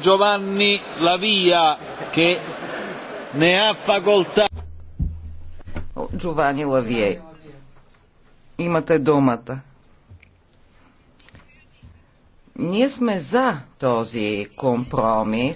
Giovanni Lavia, che ne ha facoltà. Giovanni Лавие, имате думата. Ние сме за този компромис.